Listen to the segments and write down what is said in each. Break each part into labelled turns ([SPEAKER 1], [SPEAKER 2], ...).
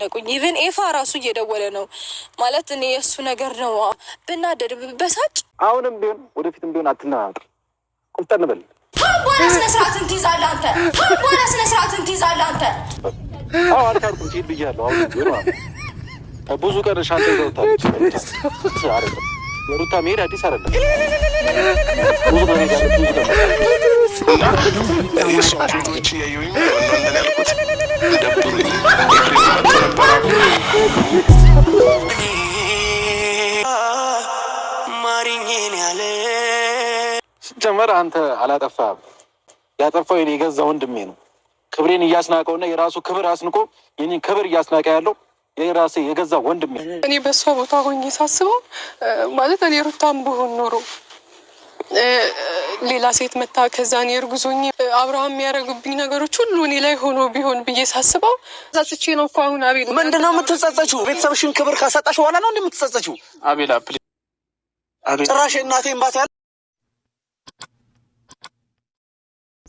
[SPEAKER 1] ነቁኝ ኢቨን ኤፋ ራሱ እየደወለ ነው ማለት እኔ የእሱ ነገር ነው ብናደድ በሳጭ
[SPEAKER 2] አሁንም ቢሆን ወደፊትም ቢሆን አትናናቅ፣ ቁጠን በል
[SPEAKER 1] ስነ ስነስርዓትን ትይዛለህ አንተ ስነ ስነስርዓትን ትይዛለህ አንተ።
[SPEAKER 2] አዎ አልካልኩም ሲል ብያለሁ። አሁን ቢሆን ብዙ ቀን ሻንተ ይዘውታል። የሩታ መሄድ አዲስ አይደለም። ብዙ መሄድ ያሉት ብዙ ጀመር አንተ አላጠፋህም። ያጠፋው የኔ የገዛ ወንድሜ ነው። ክብሬን እያስናቀውና የራሱ ክብር አስንቆ የኔን ክብር እያስናቀ ያለው የራሴ የገዛ ወንድሜ። እኔ በእሷ
[SPEAKER 1] ቦታ ሆኜ ሳስበው ማለት እኔ ሩታም ብሆን ኖሮ ሌላ ሴት መታ ከዛን እኔ አብርሃም የሚያደርግብኝ ነገሮች ሁሉ እኔ ላይ ሆኖ ቢሆን ብዬ ሳስበው ጸጽቼ ነው እኮ አሁን። አቤል ምንድን ነው የምትጸጸችው? ቤተሰብሽን ክብር ካሳጣሽ በኋላ ነው እንደምትጸጸችው?
[SPEAKER 2] አቤላ ጭራሽ እናቴ ባት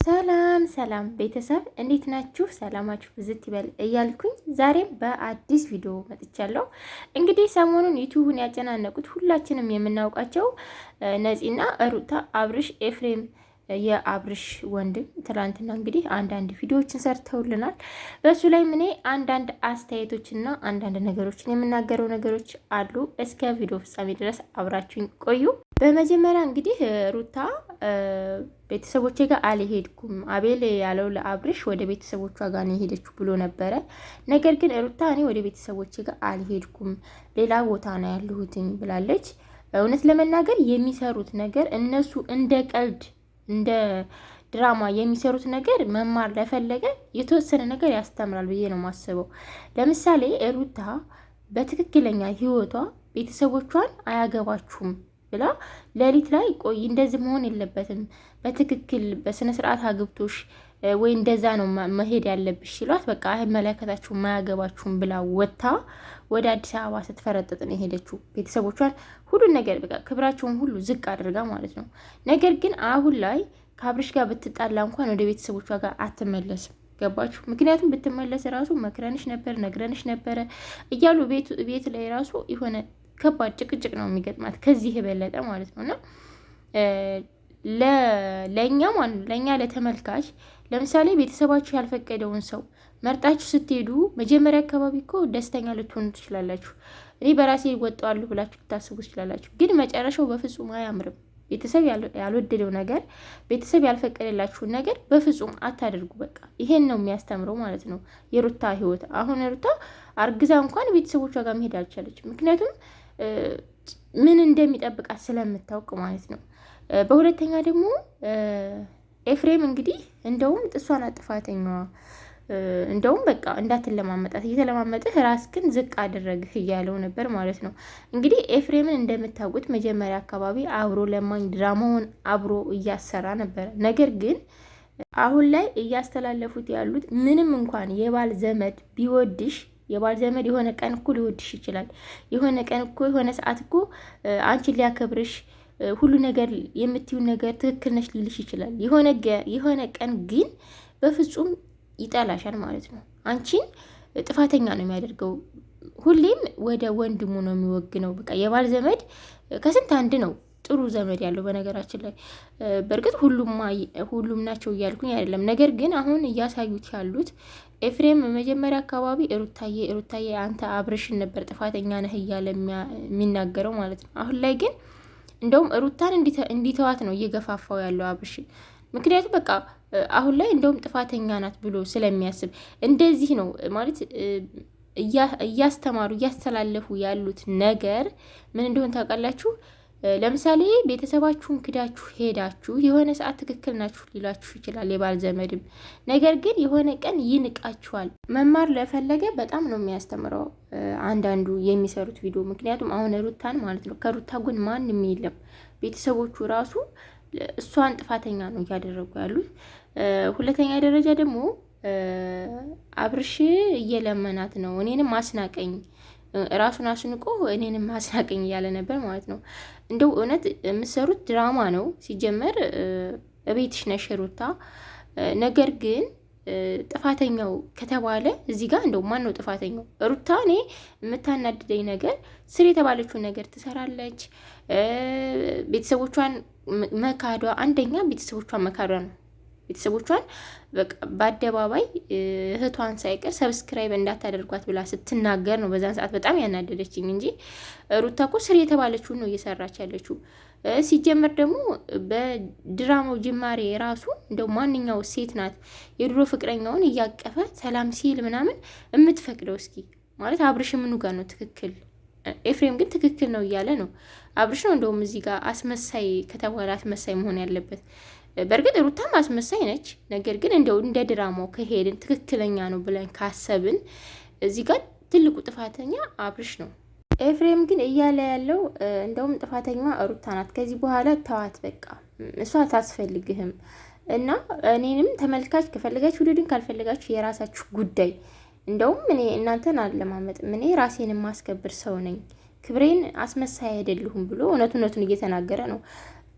[SPEAKER 3] ሰላም ሰላም ቤተሰብ እንዴት ናችሁ? ሰላማችሁ ብዝት ይበል እያልኩኝ ዛሬም በአዲስ ቪዲዮ መጥቻለሁ። እንግዲህ ሰሞኑን ዩቲዩቡን ያጨናነቁት ሁላችንም የምናውቃቸው ነፂና ሩታ፣ አብርሽ ኤፍሬም የአብርሽ ወንድም ትናንትና እንግዲህ አንዳንድ ቪዲዮዎችን ሰርተውልናል። በእሱ ላይም እኔ አንዳንድ አስተያየቶችና አንዳንድ ነገሮችን የምናገረው ነገሮች አሉ። እስከ ቪዲዮ ፍጻሜ ድረስ አብራችሁኝ ቆዩ። በመጀመሪያ እንግዲህ ሩታ ቤተሰቦቼ ጋር አልሄድኩም አቤል ያለው ለአብርሽ ወደ ቤተሰቦቿ ጋር ነው የሄደችው ብሎ ነበረ። ነገር ግን ሩታ እኔ ወደ ቤተሰቦቼ ጋር አልሄድኩም ሌላ ቦታ ነው ያለሁትኝ ብላለች። እውነት ለመናገር የሚሰሩት ነገር እነሱ እንደ ቀልድ እንደ ድራማ የሚሰሩት ነገር መማር ለፈለገ የተወሰነ ነገር ያስተምራል ብዬ ነው የማስበው። ለምሳሌ ሩታ በትክክለኛ ሕይወቷ ቤተሰቦቿን አያገባችሁም ብላ ሌሊት ላይ ቆይ እንደዚህ መሆን የለበትም በትክክል በስነ ስርዓት አግብቶሽ ወይ እንደዛ ነው መሄድ ያለብሽ ሲሏት፣ በቃ አይመለከታችሁም አያገባችሁም ብላ ወታ ወደ አዲስ አበባ ስትፈረጥጥ ነው የሄደችው። ቤተሰቦቿን ሁሉን ነገር በቃ ክብራቸውን ሁሉ ዝቅ አድርጋ ማለት ነው። ነገር ግን አሁን ላይ ከአብርሽ ጋር ብትጣላ እንኳን ወደ ቤተሰቦቿ ጋር አትመለስም። ገባችሁ? ምክንያቱም ብትመለስ ራሱ መክረንሽ ነበር ነግረንሽ ነበረ እያሉ ቤት ላይ ራሱ የሆነ ከባድ ጭቅጭቅ ነው የሚገጥማት ከዚህ የበለጠ ማለት ነው እና ለእኛ ለእኛ ለተመልካች ለምሳሌ ቤተሰባችሁ ያልፈቀደውን ሰው መርጣችሁ ስትሄዱ መጀመሪያ አካባቢ እኮ ደስተኛ ልትሆኑ ትችላላችሁ። እኔ በራሴ ይወጣዋለሁ ብላችሁ ልታስቡ ትችላላችሁ። ግን መጨረሻው በፍጹም አያምርም። ቤተሰብ ያልወደደው ነገር ቤተሰብ ያልፈቀደላችሁን ነገር በፍጹም አታደርጉ። በቃ ይሄን ነው የሚያስተምረው ማለት ነው የሩታ ህይወት አሁን ሩታ አርግዛ እንኳን ቤተሰቦቿ ጋር መሄድ አልቻለች፣ ምክንያቱም ምን እንደሚጠብቃት ስለምታውቅ ማለት ነው። በሁለተኛ ደግሞ ኤፍሬም እንግዲህ እንደውም ጥሷን ጥፋተኛዋ እንደውም በቃ እንዳትለማመጣት እየተለማመጥህ ራስክን ዝቅ አደረግህ እያለው ነበር ማለት ነው። እንግዲህ ኤፍሬምን እንደምታውቁት መጀመሪያ አካባቢ አብሮ ለማኝ ድራማውን አብሮ እያሰራ ነበረ። ነገር ግን አሁን ላይ እያስተላለፉት ያሉት ምንም እንኳን የባል ዘመድ ቢወድሽ የባል ዘመድ የሆነ ቀን እኮ ሊወድሽ ይችላል። የሆነ ቀን እኮ የሆነ ሰዓት እኮ አንቺን ሊያከብርሽ ሁሉ ነገር የምትዩ ነገር ትክክል ነሽ ሊልሽ ይችላል። የሆነ ቀን ግን በፍጹም ይጠላሻል ማለት ነው። አንቺን ጥፋተኛ ነው የሚያደርገው። ሁሌም ወደ ወንድሙ ነው የሚወግነው። በቃ የባል ዘመድ ከስንት አንድ ነው ጥሩ ዘመድ ያለው። በነገራችን ላይ በእርግጥ ሁሉም ናቸው እያልኩኝ አይደለም። ነገር ግን አሁን እያሳዩት ያሉት ኤፍሬም መጀመሪያ አካባቢ ሩታዬ ሩታዬ አንተ አብርሽን ነበር ጥፋተኛ ነህ እያለ የሚናገረው ማለት ነው። አሁን ላይ ግን እንደውም ሩታን እንዲተዋት ነው እየገፋፋው ያለው አብርሽ ምክንያቱም በቃ አሁን ላይ እንደውም ጥፋተኛ ናት ብሎ ስለሚያስብ እንደዚህ ነው ማለት እያስተማሩ እያስተላለፉ ያሉት ነገር ምን እንደሆን ታውቃላችሁ? ለምሳሌ ቤተሰባችሁን ክዳችሁ ሄዳችሁ የሆነ ሰዓት ትክክል ናችሁ ሊላችሁ ይችላል የባል ዘመድም። ነገር ግን የሆነ ቀን ይንቃችኋል። መማር ለፈለገ በጣም ነው የሚያስተምረው አንዳንዱ የሚሰሩት ቪዲዮ። ምክንያቱም አሁን ሩታን ማለት ነው ከሩታ ጎን ማንም የለም ቤተሰቦቹ ራሱ እሷን ጥፋተኛ ነው እያደረጉ ያሉት። ሁለተኛ ደረጃ ደግሞ አብርሽ እየለመናት ነው። እኔንም አስናቀኝ ራሱን አስንቆ እኔንም አስናቀኝ እያለ ነበር ማለት ነው። እንደው እውነት የምትሰሩት ድራማ ነው ሲጀመር። እቤትሽ ነሽ ሩታ ነገር ግን ጥፋተኛው ከተባለ እዚህ ጋር እንደው ማን ነው ጥፋተኛው? ሩታ እኔ የምታናድደኝ ነገር ስር የተባለችውን ነገር ትሰራለች። ቤተሰቦቿን መካዷ አንደኛ ቤተሰቦቿን መካዷ ነው። ቤተሰቦቿን በአደባባይ እህቷን ሳይቀር ሰብስክራይብ እንዳታደርጓት ብላ ስትናገር ነው በዛን ሰዓት በጣም ያናደደችኝ እንጂ ሩታ እኮ ስር የተባለችውን ነው እየሰራች ያለችው። ሲጀመር ደግሞ በድራማው ጅማሬ ራሱ እንደው ማንኛው ሴት ናት የድሮ ፍቅረኛውን እያቀፈ ሰላም ሲል ምናምን የምትፈቅደው? እስኪ ማለት አብርሽ ምኑ ጋር ነው ትክክል? ኤፍሬም ግን ትክክል ነው እያለ ነው። አብርሽ ነው እንደውም እዚህ ጋር አስመሳይ ከተባለ አስመሳይ መሆን ያለበት በእርግጥ ሩታ አስመሳይ ነች። ነገር ግን እንደው እንደ ድራማው ከሄድን ትክክለኛ ነው ብለን ካሰብን እዚህ ጋር ትልቁ ጥፋተኛ አብርሽ ነው። ኤፍሬም ግን እያለ ያለው እንደውም ጥፋተኛ ሩታ ናት። ከዚህ በኋላ ተዋት በቃ እሷ አታስፈልግህም። እና እኔንም ተመልካች ከፈለጋችሁ ውድድን ካልፈለጋችሁ የራሳችሁ ጉዳይ። እንደውም እኔ እናንተን አለማመጥም እኔ ራሴን የማስከብር ሰው ነኝ፣ ክብሬን አስመሳይ አይደልሁም ብሎ እውነቱ እውነቱን እየተናገረ ነው።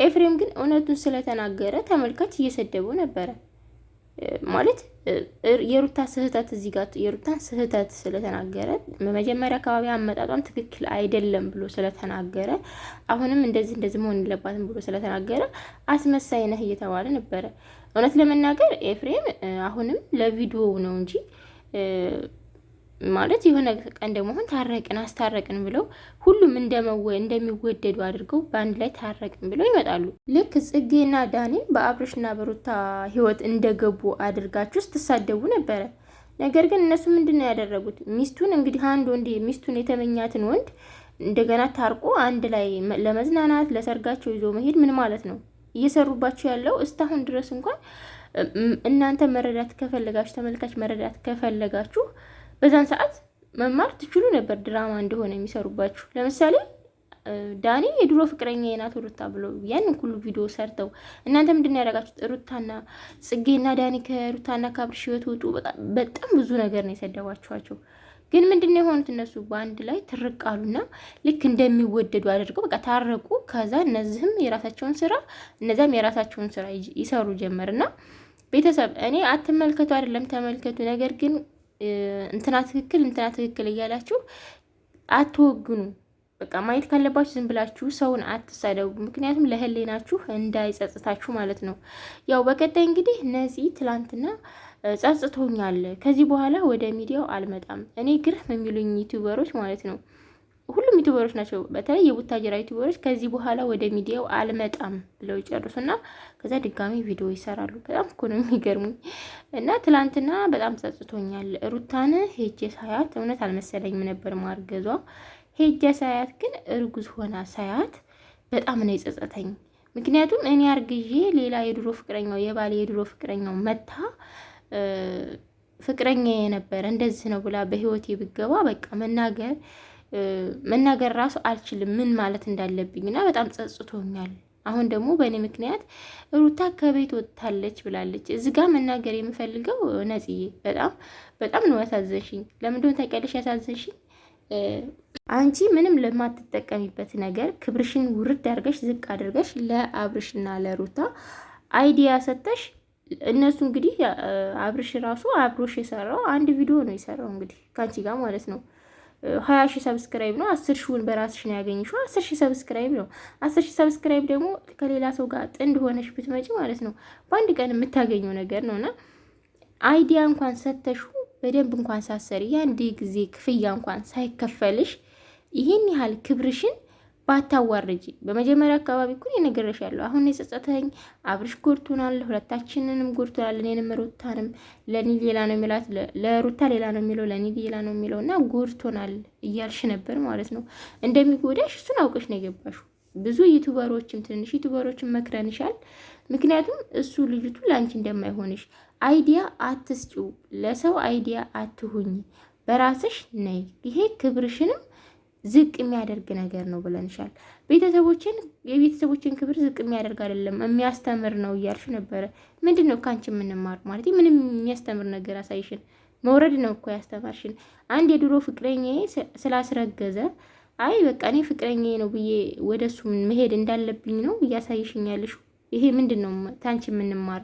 [SPEAKER 3] ኤፍሬም ግን እውነቱን ስለተናገረ ተመልካች እየሰደቡ ነበረ። ማለት የሩታ ስህተት እዚህ ጋር የሩታን ስህተት ስለተናገረ መጀመሪያ አካባቢ አመጣጧም ትክክል አይደለም ብሎ ስለተናገረ አሁንም እንደዚህ እንደዚህ መሆን የለባትም ብሎ ስለተናገረ አስመሳይ ነህ እየተባለ ነበረ። እውነት ለመናገር ኤፍሬም አሁንም ለቪዲዮው ነው እንጂ ማለት የሆነ ቀን ደግሞ አሁን ታረቅን አስታረቅን ብለው ሁሉም እንደሚወደዱ አድርገው በአንድ ላይ ታረቅን ብለው ይመጣሉ። ልክ ጽጌና ዳኔ በአብርሽና በሩታ ህይወት እንደገቡ አድርጋችሁ ስትሳደቡ ነበረ። ነገር ግን እነሱ ምንድን ነው ያደረጉት? ሚስቱን እንግዲህ አንድ ወንድ ሚስቱን የተመኛትን ወንድ እንደገና ታርቆ አንድ ላይ ለመዝናናት ለሰርጋቸው ይዞ መሄድ ምን ማለት ነው? እየሰሩባቸው ያለው እስካሁን ድረስ እንኳን እናንተ መረዳት ከፈለጋችሁ ተመልካች መረዳት ከፈለጋችሁ በዛን ሰዓት መማር ትችሉ ነበር። ድራማ እንደሆነ የሚሰሩባችሁ ለምሳሌ ዳኒ የድሮ ፍቅረኛ የናት ሩታ ብሎ ያንን ሁሉ ቪዲዮ ሰርተው እናንተ ምንድን ያደረጋችሁት? ሩታና ጽጌና ዳኒ ከሩታና ከአብርሽ ህይወት ወጡ። በጣም ብዙ ነገር ነው የሰደባችኋቸው። ግን ምንድን ነው የሆኑት? እነሱ በአንድ ላይ ትርቅ አሉና ልክ እንደሚወደዱ አድርገው በቃ ታረቁ። ከዛ እነዚህም የራሳቸውን ስራ እነዚያም የራሳቸውን ስራ ይሰሩ ጀመርና ቤተሰብ እኔ አትመልከቱ አይደለም ተመልከቱ፣ ነገር ግን እንትና ትክክል እንትና ትክክል እያላችሁ አትወግኑ። በቃ ማየት ካለባችሁ ዝም ብላችሁ ሰውን አትሳደቡ። ምክንያቱም ለህሌናችሁ እንዳይጸጽታችሁ ማለት ነው። ያው በቀጣይ እንግዲህ ነፂ ትላንትና ጸጽቶኛል፣ ከዚህ በኋላ ወደ ሚዲያው አልመጣም እኔ ግርህ የሚሉኝ ዩቲዩበሮች ማለት ነው ሁሉም ዩቱበሮች ናቸው። በተለይ የቡታጀራ ዩቱበሮች ከዚህ በኋላ ወደ ሚዲያው አልመጣም ብለው ይጨርሱና ከዛ ድጋሚ ቪዲዮ ይሰራሉ። በጣም እኮ ነው የሚገርሙኝ። እና ትላንትና በጣም ጸጽቶኛል። ሩታን ሄጄ ሳያት እውነት አልመሰለኝም ነበር ማርገዟ። ሄጄ ሳያት ግን እርጉዝ ሆና ሳያት በጣም ነው የጸጸተኝ። ምክንያቱም እኔ አርግዤ ሌላ የድሮ ፍቅረኛው የባሌ የድሮ ፍቅረኛው መታ ፍቅረኛ የነበረ እንደዚህ ነው ብላ በህይወቴ ብገባ በቃ መናገር መናገር ራሱ አልችልም ምን ማለት እንዳለብኝ እና በጣም ጸጽቶኛል። አሁን ደግሞ በእኔ ምክንያት ሩታ ከቤት ወጥታለች ብላለች። እዚ ጋር መናገር የምፈልገው ነጽዬ፣ በጣም በጣም ነው ያሳዘንሽኝ። ለምንደሆን ታውቂያለሽ ያሳዘንሽኝ? አንቺ ምንም ለማትጠቀሚበት ነገር ክብርሽን ውርድ አድርገሽ ዝቅ አድርገሽ ለአብርሽና ለሩታ አይዲያ ሰጠሽ። እነሱ እንግዲህ አብርሽ ራሱ አብሮሽ የሰራው አንድ ቪዲዮ ነው የሰራው እንግዲህ ከአንቺ ጋር ማለት ነው ሀያ ሺህ ሰብስክራይብ ነው። አስር ሺውን በራስሽ ነው ያገኝሽው። አስር ሺህ ሰብስክራይብ ነው። አስር ሺህ ሰብስክራይብ ደግሞ ከሌላ ሰው ጋር ጥንድ ሆነሽ ብትመጪ ማለት ነው በአንድ ቀን የምታገኘው ነገር ነው እና አይዲያ እንኳን ሰተሹ በደንብ እንኳን ሳሰሪ የአንድ ጊዜ ክፍያ እንኳን ሳይከፈልሽ ይህን ያህል ክብርሽን ባታዋርጂ። በመጀመሪያ አካባቢ እኮ ያለው አሁን የጸጸተኝ አብርሽ ጎድቶናል፣ ሁለታችንንም ጎድቶናል፣ እኔንም ሩታንም። ለእኔ ሌላ ነው የሚላት ለሩታ ሌላ ነው የሚለው ለእኔ ሌላ ነው የሚለው እና ጎድቶናል እያልሽ ነበር ማለት ነው። እንደሚጎዳሽ እሱን አውቀሽ ነው የገባሽው። ብዙ ዩቱበሮችም ትንሽ ዩቱበሮችም መክረንሻል። ምክንያቱም እሱ ልጅቱ ለአንቺ እንደማይሆንሽ አይዲያ አትስጪው፣ ለሰው አይዲያ አትሁኝ፣ በራስሽ ነይ። ይሄ ክብርሽንም ዝቅ የሚያደርግ ነገር ነው ብለንሻል። ቤተሰቦችን የቤተሰቦችን ክብር ዝቅ የሚያደርግ አይደለም የሚያስተምር ነው እያልሽ ነበረ። ምንድን ነው ከአንቺ የምንማር ማለት ምንም የሚያስተምር ነገር አሳይሽን መውረድ ነው እኮ ያስተማርሽን። አንድ የድሮ ፍቅረኛ ስላስረገዘ አይ በቃ እኔ ፍቅረኛ ነው ብዬ ወደ እሱ መሄድ እንዳለብኝ ነው እያሳይሽኛለሽ። ይሄ ምንድን ነው ታንቺ የምንማር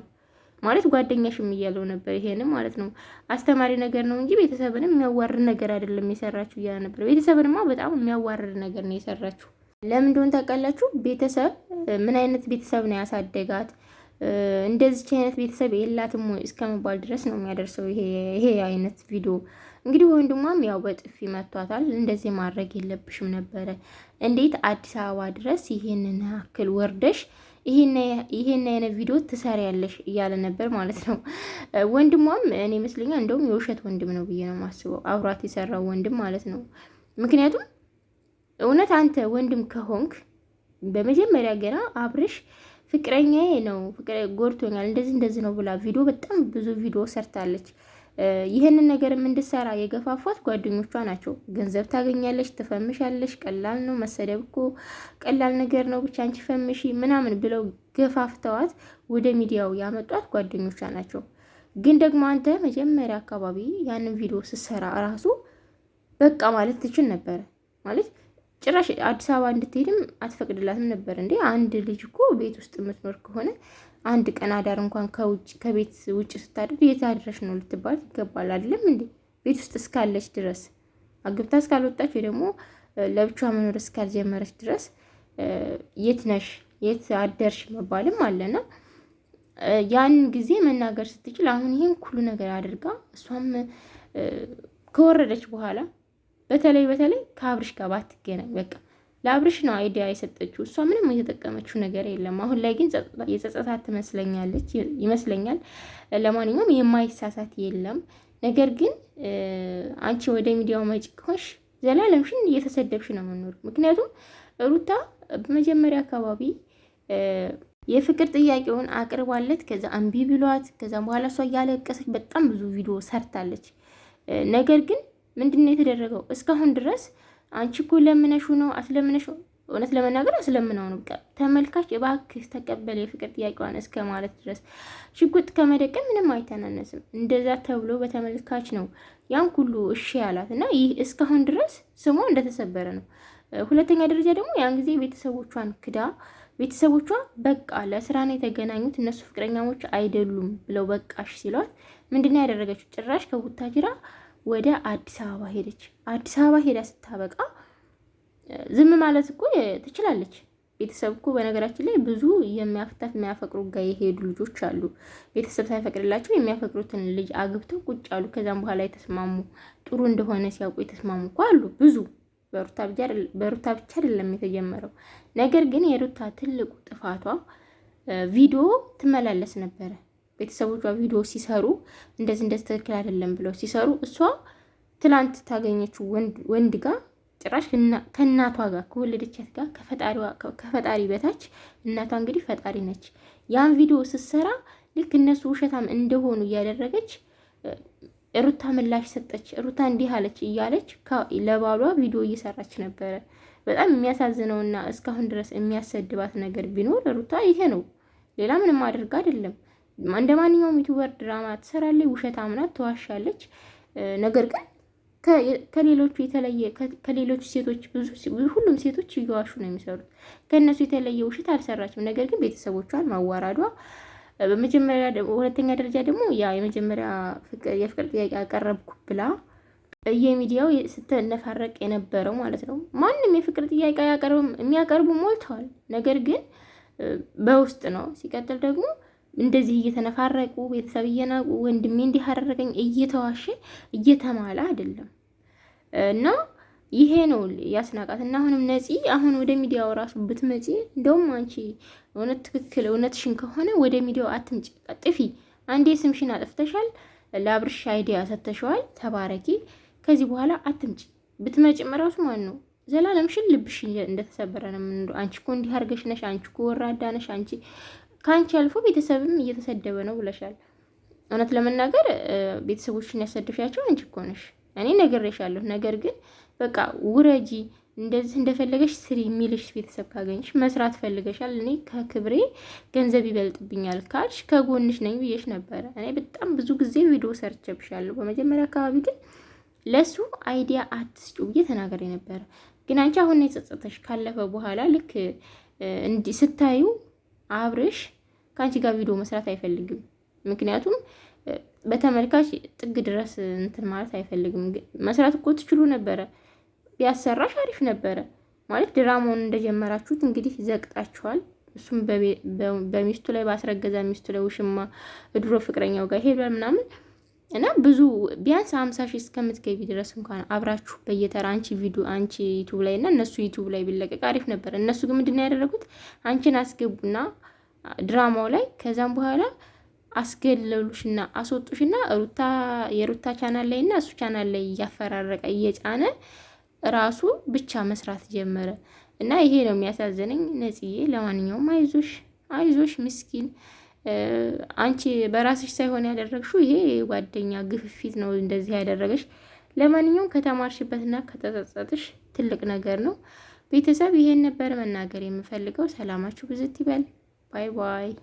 [SPEAKER 3] ማለት ጓደኛሽም እያለው ነበር። ይሄንም ማለት ነው አስተማሪ ነገር ነው እንጂ ቤተሰብንም የሚያዋርድ ነገር አይደለም የሰራችሁ እያለ ነበር። ቤተሰብንማ በጣም የሚያዋርድ ነገር ነው የሰራችሁ። ለምን እንደሆነ ታውቃላችሁ? ቤተሰብ ምን አይነት ቤተሰብ ነው ያሳደጋት? እንደዚች አይነት ቤተሰብ የላትም ወይ እስከመባል ድረስ ነው የሚያደርሰው ይሄ አይነት ቪዲዮ። እንግዲህ ወንድሟም ያው በጥፊ መቷታል። እንደዚህ ማድረግ የለብሽም ነበረ። እንዴት አዲስ አበባ ድረስ ይሄንን ያክል ወርደሽ ይሄን አይነት ቪዲዮ ትሰሪያለሽ እያለ ነበር ማለት ነው። ወንድሟም እኔ ይመስለኛል እንደውም የውሸት ወንድም ነው ብዬ ነው የማስበው፣ አብሯት የሰራው ወንድም ማለት ነው። ምክንያቱም እውነት አንተ ወንድም ከሆንክ በመጀመሪያ ገና አብርሽ ፍቅረኛዬ ነው ጎድቶኛል፣ እንደዚህ እንደዚህ ነው ብላ ቪዲዮ በጣም ብዙ ቪዲዮ ሰርታለች። ይህንን ነገርም እንድሰራ የገፋፏት ጓደኞቿ ናቸው። ገንዘብ ታገኛለሽ፣ ትፈምሻለች ቀላል ነው፣ መሰደብ እኮ ቀላል ነገር ነው፣ ብቻ አንቺ ፈምሺ ምናምን ብለው ገፋፍተዋት ወደ ሚዲያው ያመጧት ጓደኞቿ ናቸው። ግን ደግሞ አንተ መጀመሪያ አካባቢ ያንን ቪዲዮ ስትሰራ እራሱ በቃ ማለት ትችል ነበረ ማለት ጭራሽ አዲስ አበባ እንድትሄድም አትፈቅድላትም ነበር እንዴ? አንድ ልጅ እኮ ቤት ውስጥ የምትኖር ከሆነ አንድ ቀን አዳር እንኳን ከውጭ ከቤት ውጭ ስታደርግ የታድረሽ ነው ልትባል ይገባል። አይደለም እንዴ? ቤት ውስጥ እስካለች ድረስ አግብታ እስካልወጣች ደግሞ ለብቻ መኖር እስካልጀመረች ድረስ የት ነሽ የት አደርሽ መባልም አለና ያን ጊዜ መናገር ስትችል አሁን ይህን ሁሉ ነገር አድርጋ እሷም ከወረደች በኋላ በተለይ በተለይ ከአብርሽ ጋር ባትገናኝ በቃ ለአብርሽ ነው አይዲያ የሰጠችው። እሷ ምንም የተጠቀመችው ነገር የለም። አሁን ላይ ግን የጸጸታት ትመስለኛለች ይመስለኛል። ለማንኛውም የማይሳሳት የለም። ነገር ግን አንቺ ወደ ሚዲያው መጪ ከሆንሽ ዘላለምሽን እየተሰደብሽ ነው የምኖር። ምክንያቱም ሩታ በመጀመሪያ አካባቢ የፍቅር ጥያቄውን አቅርባለት ከዛ አንቢ ብሏት፣ ከዛም በኋላ እሷ እያለቀሰች በጣም ብዙ ቪዲዮ ሰርታለች። ነገር ግን ምንድን ነው የተደረገው? እስካሁን ድረስ አንቺ እኮ ለምነሹ ነው አስለምነሹ። እውነት ለመናገር አስለምነው ነው። በቃ ተመልካች እባክህ ተቀበለ የፍቅር ጥያቄዋን እስከ ማለት ድረስ ሽጉጥ ከመደቀን ምንም አይተናነስም። እንደዛ ተብሎ በተመልካች ነው ያን ሁሉ እሺ ያላት እና ይህ እስካሁን ድረስ ስሟ እንደተሰበረ ነው። ሁለተኛ ደረጃ ደግሞ ያን ጊዜ ቤተሰቦቿን ክዳ ቤተሰቦቿ በቃ ለስራ ነው የተገናኙት እነሱ ፍቅረኛሞች አይደሉም ብለው በቃሽ ሲሏት ምንድነው ያደረገችው? ጭራሽ ከቡታጅራ ወደ አዲስ አበባ ሄደች። አዲስ አበባ ሄዳ ስታበቃ ዝም ማለት እኮ ትችላለች። ቤተሰብ እኮ በነገራችን ላይ ብዙ የሚያፍታት የሚያፈቅሩ ጋር የሄዱ ልጆች አሉ። ቤተሰብ ሳይፈቅድላቸው የሚያፈቅሩትን ልጅ አግብተው ቁጭ አሉ። ከዛም በኋላ የተስማሙ ጥሩ እንደሆነ ሲያውቁ የተስማሙ እኮ አሉ ብዙ። በሩታ ብቻ አይደለም የተጀመረው ነገር። ግን የሩታ ትልቁ ጥፋቷ ቪዲዮ ትመላለስ ነበረ ቤተሰቦቿ ቪዲዮ ሲሰሩ እንደዚህ እንደዚህ ትክክል አይደለም ብለው ሲሰሩ እሷ ትላንት ታገኘችው ወንድ ጋር ጭራሽ ከእናቷ ጋር ከወለደቻት ጋር ከፈጣሪ በታች እናቷ እንግዲህ ፈጣሪ ነች። ያን ቪዲዮ ስትሰራ ልክ እነሱ ውሸታም እንደሆኑ እያደረገች ሩታ ምላሽ ሰጠች። ሩታ እንዲህ አለች እያለች ለባሏ ቪዲዮ እየሰራች ነበረ። በጣም የሚያሳዝነውና እስካሁን ድረስ የሚያሰድባት ነገር ቢኖር ሩታ ይሄ ነው። ሌላ ምንም አድርጋ አይደለም። እንደ ማንኛውም ዩቲዩበር ድራማ ትሰራለች፣ ውሸታም ናት፣ ትዋሻለች። ነገር ግን ከሌሎቹ የተለየ ከሌሎቹ ሴቶች ብዙ ሁሉም ሴቶች እየዋሹ ነው የሚሰሩት። ከእነሱ የተለየ ውሸት አልሰራችም። ነገር ግን ቤተሰቦቿን ማዋራዷ በመጀመሪያ ሁለተኛ ደረጃ ደግሞ ያ የመጀመሪያ የፍቅር ጥያቄ አቀረብኩ ብላ የሚዲያው ስተነፋረቅ የነበረው ማለት ነው። ማንም የፍቅር ጥያቄ የሚያቀርቡ ሞልተዋል። ነገር ግን በውስጥ ነው። ሲቀጥል ደግሞ እንደዚህ እየተነፋረቁ ቤተሰብ እየናቁ ወንድሜ እንዲህ አደረገኝ እየተዋሸ እየተማለ አይደለም እና ይሄ ነው ያስናቃት። እና አሁንም ነፂ አሁን ወደ ሚዲያው ራሱ ብትመጪ እንደውም አንቺ እውነት ትክክል እውነትሽን ከሆነ ወደ ሚዲያው አትምጭ ጥፊ። አንዴ ስምሽን አጥፍተሻል፣ ለአብርሽ አይዲያ ሰተሸዋል፣ ተባረኪ። ከዚህ በኋላ አትምጭ ብትመጭም ራሱ ማን ነው ዘላለምሽን ልብሽ እንደተሰበረ ነው። አንቺ እኮ እንዲህ አድርገሽ ነሽ፣ አንቺ እኮ ወራዳ ነሽ፣ አንቺ ከአንቺ አልፎ ቤተሰብም እየተሰደበ ነው ብለሻል። እውነት ለመናገር ቤተሰቦችን ያሰደሻቸው አንቺ እኮ ነሽ። እኔ ነግሬሻለሁ። ነገር ግን በቃ ውረጂ፣ እንደዚህ እንደፈለገሽ ስሪ የሚልሽ ቤተሰብ ካገኝሽ፣ መስራት ፈልገሻል። እኔ ከክብሬ ገንዘብ ይበልጥብኛል ካልሽ ከጎንሽ ነኝ ብዬሽ ነበረ። እኔ በጣም ብዙ ጊዜ ቪዲዮ ሰርቼብሻለሁ። በመጀመሪያ አካባቢ ግን ለሱ አይዲያ አትስጩ ብዬ ተናገሬ ነበረ። ግን አንቺ አሁን የጸጸተሽ ካለፈ በኋላ ልክ እንዲህ ስታዩ አብርሽ ከአንቺ ጋር ቪዲዮ መስራት አይፈልግም። ምክንያቱም በተመልካች ጥግ ድረስ እንትን ማለት አይፈልግም። መስራት እኮ ትችሉ ነበረ፣ ቢያሰራሽ አሪፍ ነበረ ማለት ድራማውን እንደጀመራችሁት እንግዲህ ዘግጣችኋል። እሱም በሚስቱ ላይ ባስረገዛ ሚስቱ ላይ ውሽማ ድሮ ፍቅረኛው ጋር ሄዷል ምናምን እና ብዙ ቢያንስ አምሳ ሺህ እስከምትገቢ ድረስ እንኳን አብራችሁ በየተራ አንቺ ቪዲዮ አንቺ ዩቱብ ላይ እና እነሱ ዩቱብ ላይ ቢለቀቅ አሪፍ ነበር። እነሱ ግን ምንድን ነው ያደረጉት? አንቺን አስገቡና ድራማው ላይ። ከዛም በኋላ አስገለሉሽና አስወጡሽና ሩታ የሩታ ቻናል ላይ እና እሱ ቻናል ላይ እያፈራረቀ እየጫነ ራሱ ብቻ መስራት ጀመረ እና ይሄ ነው የሚያሳዝነኝ። ነጽዬ፣ ለማንኛውም አይዞሽ አይዞሽ ምስኪን አንቺ በራስሽ ሳይሆን ያደረግሽው ይሄ ጓደኛ ግፍፊት ነው እንደዚህ ያደረገሽ። ለማንኛውም ከተማርሽበትና ከተጸጸትሽ ትልቅ ነገር ነው። ቤተሰብ ይሄን ነበር መናገር የምፈልገው። ሰላማችሁ ብዝት ይበል። Bye bye.